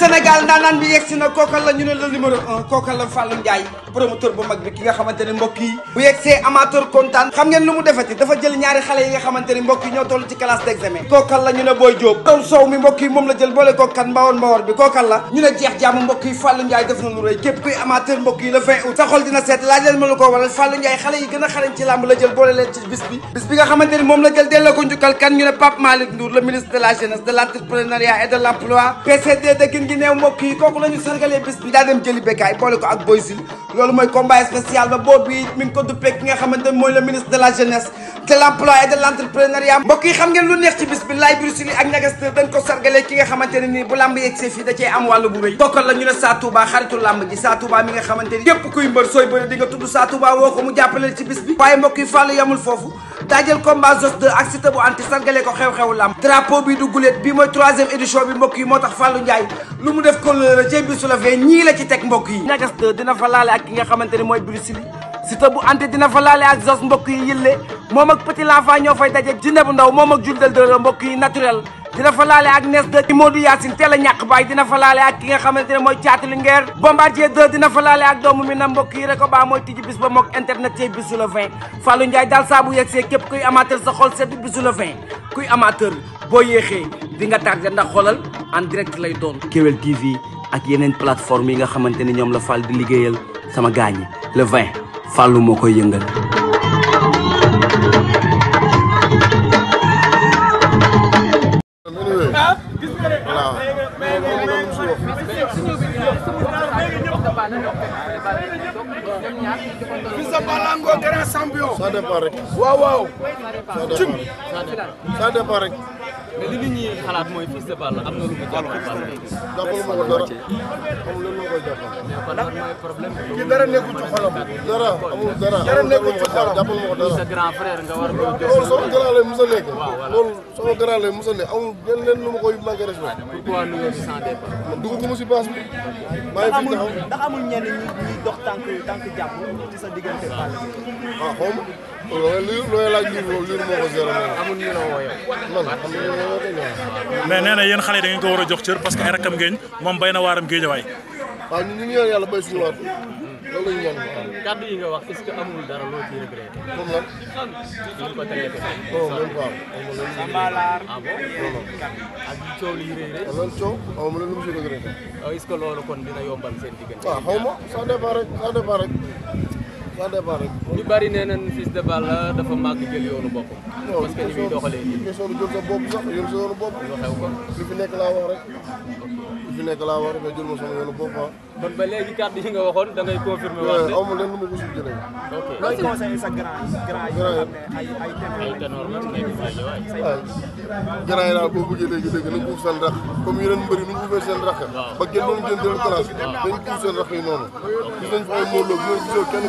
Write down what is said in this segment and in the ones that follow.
Sénégal ndaanaan bi yegsi na kookal la ñu ne la numéro un kookal la Fallou Ndiaye promoteur bu mag bi ki nga xamante mbokk yi bu yegsee amateur kontaan xam ngeen lu mu defati dafa jël ñaari xale yi nga xamante mbokk yi ñoo toll ci classe d'examen kookal la ñu ne Boy Diop soow mi mbokk yi moom la jël boole kookkan mbawor mbawor bi kookal la ñu ne jeex jàmm mbokk yi Fallou Ndiaye def na lu rëy képp kuy amateur mbokk yi le 20 août sa xol dina seet a xarañ ci làmb la jël boole gineew mbokk yi kooku la ñu sargalee bis bi daa dem boole ko ak Boy loolu mooy combat spécial ba boobu it mi ngi ko duppee ki nga xamante mooy le ministre de la jeunesse de l'emploi et de l'entrepreneuriat mbokk yi xam ngeen lu neex ci bis bi ak Nagastër dañ ko sargalee ki nga xamante ne bu lamb yeeg fii da cee am wàllu bu rëy bokkal la ne Sa Touba xaritu lamb ji Sa Touba mi nga xamante ni képp kuy mbër sooy bëri di nga tudd Sa Touba woo ko mu jàppaleel ci bis bi waaye mbokk yi fàllu daajal combat Zoss 2 ak Siteu bu anti sargale ko xew-xewu lamb drapeau bi du bi mooy troisième édition bi mbokk moo tax Fallou Ndiaye lu mu def kolleera cey bi su la fee ñii la ci teg mbokk yi ñagas 2 dina fa laale ak ki nga xamante ni mooy Bruce Lee Siteu bu anti dina fa laale ak Zoss mbokk yi moom ak petit l'enfant ñoo fay daje jinne bu ndaw moom ak juldal dëra mbokk yi naturel dina fa laale ak Nes 2 di Modou Yacine teel a ñàkk baay dina fa ak ki nga xamante ne mooy caati li ngeer Bombardier 2 dina fa laale ak doomu mi na mbokk yi rek ba mooy tijji bis ba mook internet tey bisu le 20 Fallou Ndiaye daal saa bu yegsee képp kuy amateur sa xol sedd bisu le 20 kuy amateur boo yéexee di nga tardé ndax xoolal en direct lay doon Kewel TV ak yeneen plateforme yi nga xamante ne ñoom la Fall di liggéeyal sama gaañi le 20 Fallou moo koy yëngal Fils de Balla ngoo grand champion. ça dépend rek. waaw waaw. ça dépend xalaat mooy am na lu mu jàppale Balla. dara amul lan moo koy jàppale. mooy dara nekkul ci xolam. dara amul dara dara nekkul ci musa nekk. loolu sama grand koy manqué respect. pourquoi nu bi. maa ngi fi taxaw ndax amul ñenn ñi ñuy dox tànk tànk jàpp ci sa diggante mais nee na yéen xale yi da ngeen war a jox cër parce que ay rakkam ngeen moom bay na waaram géejawaay waaw ñu ngi yàlla bay suñu waar loolu la ñu ñaan kàddu yi nga wax est-ce que amul dara loo ciy regretté pour lan ñu ko rek oh, loolu ah coow xaw ah, loolu kon dina yombal seen diggante waaw ah, xaw ma ça dépend rek ça dépend rek ça dépend rek. ñu bari nee nañ Fils de Balla dafa màgg jël yoonu bopp. parce que ni muy doxalee nii. question sa bopp sax jël sa yoonu bopp. lu xew fi nekk laa wax rek. li fi nekk laa wax rek nga jël yoonu bopp ah. kon ba léegi kàddu yi nga waxoon da ngay confirmer wax de. amul lenn lu ma gisul jëlee. ok looy conseillé sa grand yi. grand yi nga xam ne la nekk rajo waay. grand yi daal ñu ubbee seen rax. ba kenn doon jënd leen classe. dañ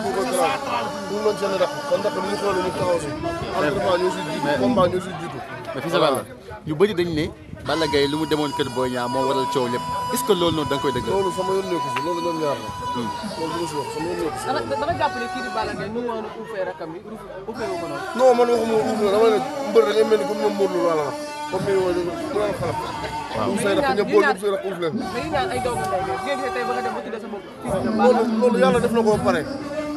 ko seen nationale pour ñu mën seen rek kon ndax li ñu xoolee ñu taxaw si. entraînement ñoo si jiitu combat ñoo si jiitu. mais fii sa Balla ñu bëri dañ ne Balla Gaye lu mu demoon kër Boy Niang moo waral coow lépp est-ce que loolu noonu da nga koy dëgg loolu sama yoon nekku si loolu ñoom ñaar la hmm. loolu du ma si wax sama yoon nekku si dana jàpp ne kii di Balla Gaye nu mu waroon uufee rakam bi uufee ko noonu non man waxuma uuf la dama ne mbër da ngay mel ni comme ñoom Modou Lo la wax comme ni wooy mënaan xalam uuf say rak ñëpp bool ñëpp say rak uuf leen loolu loolu yàlla def na ko ba pare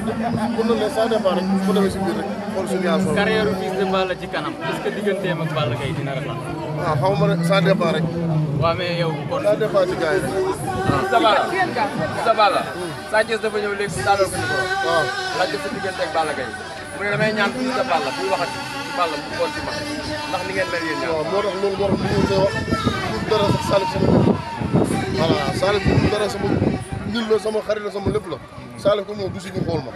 pour ne leen ça dépend rek bu demee si biir rek xool suñu yaay carrière u Fils de Balla ci kanam est-ce que digganteem ak Balla Gaye dina rafet. waaw ah, xaw ma ne ça dépend rek. waaw mais yow kon ça dépend ci gars yi rek. Fils de Balla Fils de Balla. Sa Thiès dafa ñëw léegi taalal ko ni ko. waaw laaj sa diggante ak Balla Gaye. mu ne damay ñaan Fils de Balla buy waxati ci Balla mu xool ci ma ndax ni ngeen mel yéen ñaar. waaw moo tax loolu war nañu koy wax pour dara sax Salif sama voilà Salif dara sama nit la sama xarit la sama lépp la. Salif ko moom gisuñu xool ma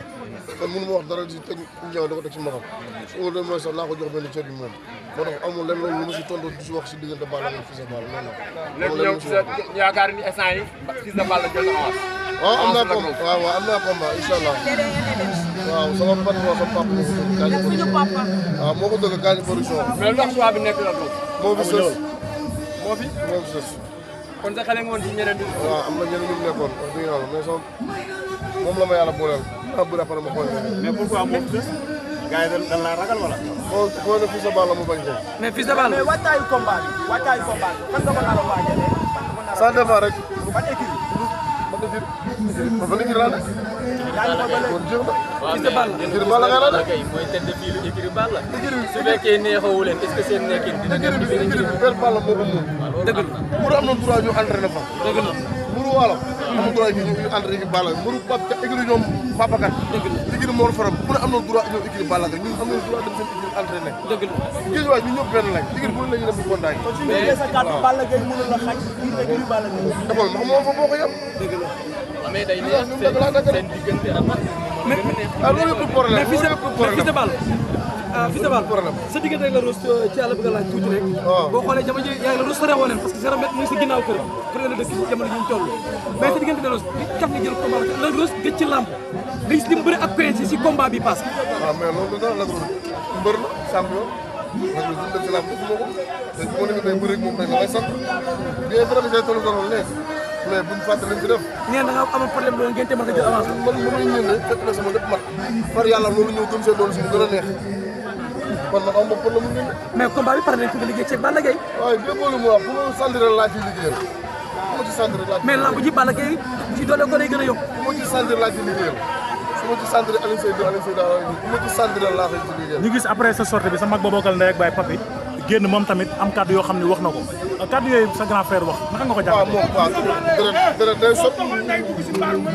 kon mënu ma wax dara di teg ñëw da ko teg si maxam su ma demee sax naa ko jox benn cër bi moom moo tax amul lenn loolu lu ma si tontu du si wax si diggante Balla ak Fils de Balla noonu la léegi ñoom sa yaakaar ni instant yi Fils de Balla jël na avance waaw ah, am naa combat waaw waaw am naa combat incha allah waaw sama pat waa sama papa moo ko dëgg Kañ production waaw moo ko dëgg Kañ production mais ndax choix bi nekk la loolu moo fi sës moo fi moo fi sës kon sa xale ngoon si ñeneen bi waaw am na ñeneen ñu nekkoon wax dëgg yàlla mais sama moom la ma yàlla booleel naa bëri après a xool. mais pourquoi moom sax gars yi dañ laa ragal wala. xool xool na Fils de Balla mu bañ cee. mais Fils de Balla. mais waajtaayu combat bi fan nga ko a eh? a. de Balla. Fils de Balla ngay la nekk. mooy na fa. dëgg la muru amul droit ñu ñu ànd rek Balla mënu pap ca écurie ñoom Babacar écurie Mor Faram ku ne am na droit ñëw écurie Balla Gaye ñun am na droit dem seen écurie entraîné géej waay ñu ñëpp benn lañ écurie bu ne la ñu dem kontaan sa kàddu Balla Gaye mënul la xaj écurie Balla Gaye dafa ma moom fa boo ko yem dëgg la mais day neex seen diggante ak mais ah, loolu yëpp problème mais fils de Balla fi sa baal problème la rus ci àll bi nga laaj tuuti rek boo xoolee jamono ji la rus sore woo parce que zéro mètre mu si ginnaaw kër kër la dëkk ci jamono ji ñu toll mais sa nga jël si combat bi passé waaw mais loolu da la rus mbër la champion parce day bëri ne mais buñ fàtte lañ fi def nee na nga amoon problème doon ngeen te mën a jël avance ñëw ñëw gëm si mu gën man man am na problème mu bi pare nañ ko nga liggéey ceeb Balla Gaye. waaye déggoo lu mu fu mu sant rek laa ciy liggéeyal fu ma ci sant rek laa ciy liggéeyal mais lamb ji Balla Gaye ci doole ko day gën a yokku. fu ma ci sant rek laa ciy su ma ci sant rek Alioune Seye Alioune Seye daal laa ñu gis après sa sortie bi sa mag booboo kal ndey Papi génn moom tamit am kàddu yoo xam ne wax na ko kàddu yooyu sa grand frère wax naka nga ko jàpp. waaw moom waaw dara dara day sotti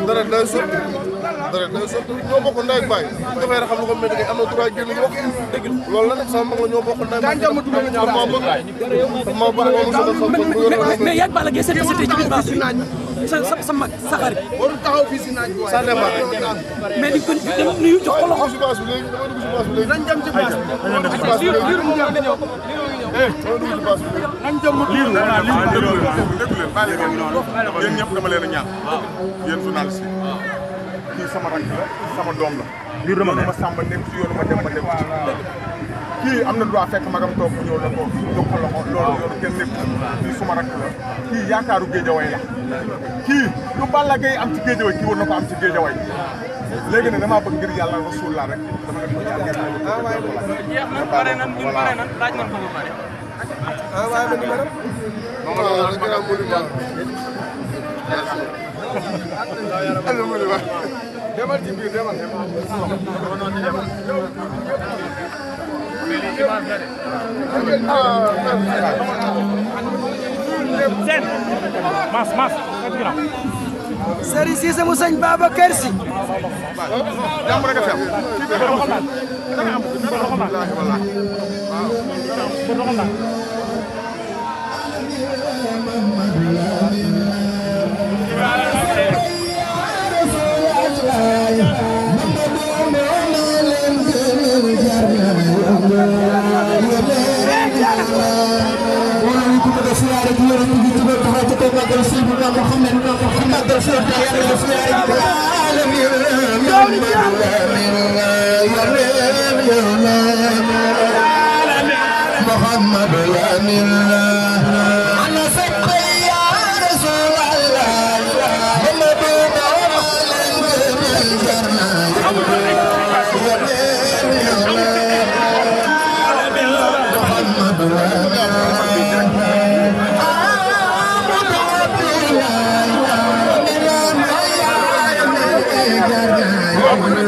dara day sotti ñoo bokk ndey ak baay dafay raxam lu ko métti am na droit génn wax dëgg loolu la nag sama mag la ñoo bokk ndey ak baay dama bëgg dama bëgg moom sama sama mais yàgg Balla Gaye ci biir sa sa mag sa xarit. taxaw fii si naaj bi waaye. mais di ko nuyu jox ko loxo. nañ dem ci baas bi liir liir mu ñëw ñëw. Eh, nañ dem liir voilà liir mu ñëw. yéen ñëpp dama leen a ñaan. yéen journaliste yi. kii sama rakk la sama doom la. liir dama nekk ci yoonu ma dem ma dem ci. kii am na droit fekk magam toog ñëw la ko jox ko loxo loolu loolu kenn nekk kii suma rakk la kii yaakaaru Balla Gaye am ci géejawaay kii na ko am ci géejawaay léegi nag damaa bëgg ngir yàlla rasul la rek dama leen ko jaar ngeen jeex pare ba pare ah waaye ba ci biir seen mas mas Serigne Cissé mu sëñ Babacar Sy jàmm rek a fi am ñu tuddee taxaw ci kaw màggal si bu nga xam ne ci màggal si waxtaan yàlla na suñu ay alamin Muhammad alamin Muhammad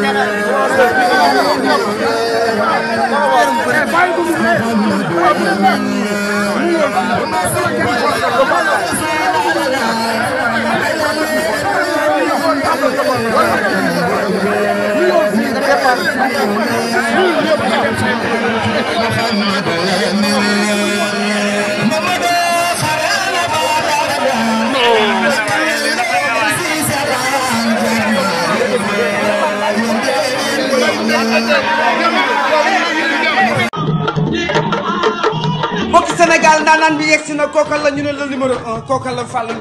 mbokki Sénégal ndaanaan bi yegsi na kookal la ñu ne la numéro un kookal la Fallou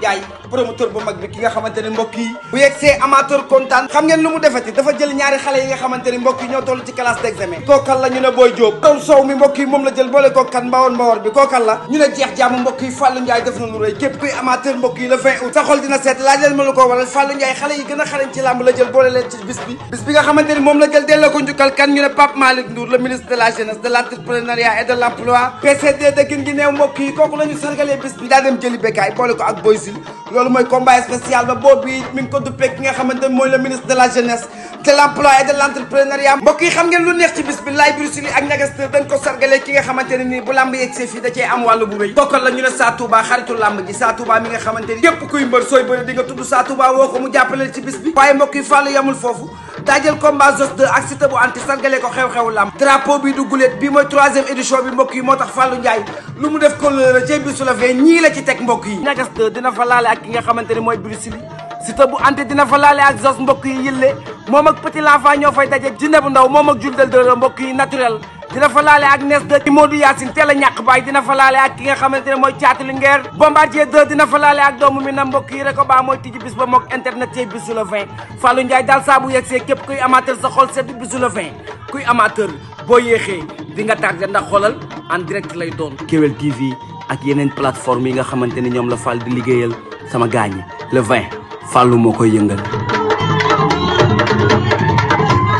promoteur bu mag bi ki nga xamante ne mbokk yi bu yegsee amateur kontaan xam ngeen lu mu defati dafa jël ñaari xale yi nga xamante ne yi ñoo toll ci classe d'examen kookal la ñu ne booy jóob kaw sow mi yi la jël sa xol dina seet a xarañ la jël boole leen ci bis bi nga xamante moom la jël delloo ko njukkal kan ñu ne Pape Malick Ndour le ministre de la jeunesse de l'entrepreneuriat et l'emploi PCD de gin gi neew mbokk yi kooku la loolu mooy combat spécial ba boobu mi ngi ko duppee ki nga xamante ne mooy le ministre de la jeunesse de l'emploi et de l'entrepreneuriat mbokk yi xam ngeen lu neex ci bis Bruce Lee ak Ñagas dañ ko sargalee ki nga xamante ne nii bu lamb yegsee fii da cee am wàllu bu rëy la ñu Sa Touba xaritu lamb ji Sa Touba mi nga xamante ni képp kuy mbër sooy bëri di nga Sa Touba woo ko mu jàppale ci bis bi waaye mbokk yi fàllu yamul foofu daajal combat Zoss ko xew-xewu lamb drapeau bi du bi mooy troisième édition bi mbokk yi moo tax Fallou Ndiaye lu mu la ci teg mbokk yi Ñagas dina fa laale ak ki nga xamante mooy Bruce Lee Siteu bu anti dina fa laale ak mbokk yi yëllee moom ak petit lafa ñoo fay daje jinne bu ndaw moom ak juldal de mbokk yi naturel dina fa laale ak nes de ci Modou Yacine teel a ñàkk baay dina fa ak ki nga xamante ne mooy caati lu ngeer Bombardier 2 dina fa laale ak doomu mi na mbokk yi rek ko baa mooy tijji bis ba mook internet tey bisu le 20 Fallou Ndiaye daal yegsee képp kuy amateur sa xol sedd bisu le 20 kuy amateur boo yéexee di nga tardé ndax xoolal en direct lay doon Kewel TV ak yeneen plateforme yi nga xamante ne ñoom la Fall di liggéeyal sama gaañi le 20 Fallou moo koy yëngal